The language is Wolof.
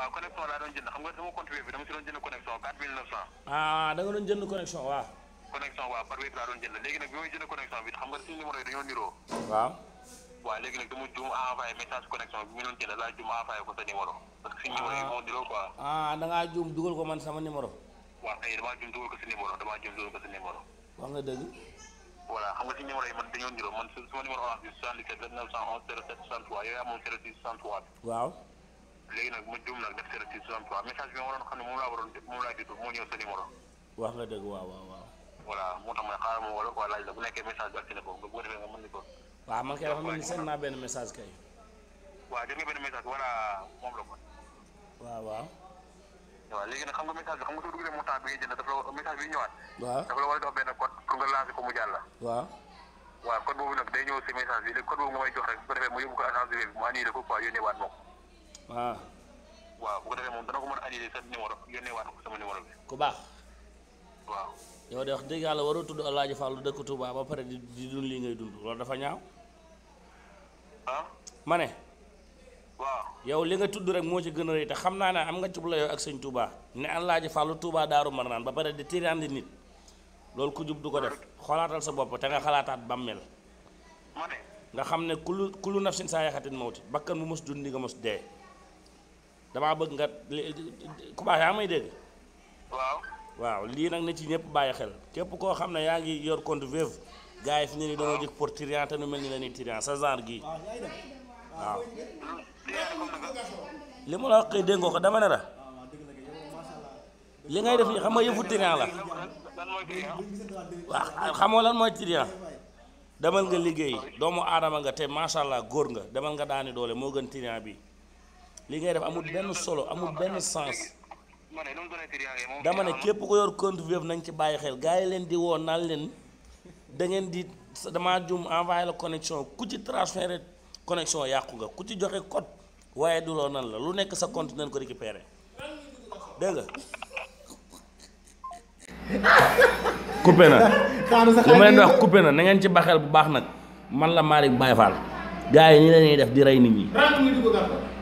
waaw connexion laa doon jënd xam nga doon jënd connexion 4900. ah da nga doon jënd connexion waaw. connexion waaw par web laa doon jënd léegi nag bi may jënd connexion bi xam nga suñu numéro yi dañoo niroo. waaw. waaw léegi nag dama juum envoyé message connexion bi mi doon jënd laa juum envoyé ko sa numéro. parce que suñu numéro ah, da ngaa juum ko man sama numéro. waaw kay damaa juum dugal ko sa numéro damaa juum dugal ko sa numéro. wax nga dëgg. voilà xam nga si numéro yi man léegi nag ma juum nag def séeréer si 63 message bi ma waroon xam ne moom laa waroon moom laa jotul moo ñëw sa numéro. wax nga dëgg waaw waaw waaw. voilà moo tax ma xaaral ma wala quoi laaj la bu nekkee message bi ak na ko bu ko defee nga mën di ko. waaw man kay dafa mel ni seen naa benn message kay. waaw jot nga benn message voilà moom la ko. waaw waaw. waaw léegi nag xam nga message bi xam nga soo dugalee montant bi ngay jënd dafa la message bi ñëwaat. waaw dafa la war a jox benn code pour nga lancer ko mu jàll. waaw. waaw code boobu nag day ñëw si message bi léegi code boobu nga may jox rek su ko defee mu yóbbu ko agence bi mu annulé ko quoi yónneewaat ma ko waaw waaw bu ko defee moom dana ko mën a annulé sa numéro yónnee waat ko sama numéro bi ku baax waaw yow de wax dëgg yàlla waroo tudd alaaji Fallu dëkk Touba ba pare di di dund lii ngay dund loolu dafa ñaaw ah ma ne waaw yow li nga tudd rek moo ci gën a rëy te xam naa ne am nga ci bu la yow ak sëñ Touba ne alaaji Fallu Touba Daaru Marnaan ba pare di tirandi nit loolu ku jub du ko def xoolaatal sa bopp te nga xalaataat bàmmeel ma ne nga xam ne kulu kulu nafsin saa yaxatin mawti bakkan bu mos dundi nga mos dee damaa bëgg nga Koubax yaa may dégg. waaw. waaw lii nag na ci ñëpp bàyyi xel képp koo xam ne yaa ngi yor compte Wave gars yi fi ñu ne dañoo jëkk pour triant te nu mel ni la ñuy sa genre gi waaw. li ma la wax kay dégg ko dama ne la li ngay def xam nga yëfu triant la waaw xamoo lan mooy triant demal nga liggéey doomu aadama nga te macha góor nga demal nga daani doole moo gën triant bi. li ngay def amul benn solo amul benn sens dama ne képp ko yor compte Wave nañ ci bàyyi xel gars yi leen di woon naan leen da ngeen di damaa jum envoyé la connexion ku ci transféré connexion yàqu nga ku ci joxe code waaye du loo nan la lu nekk sa compte nañ ko récupéré dégg nga. coupé na lu ma leen wax coupé na na ngeen ci baxeel bu baax nag man la Malick Baye Fall gars yi nii la def di rey nit ñi.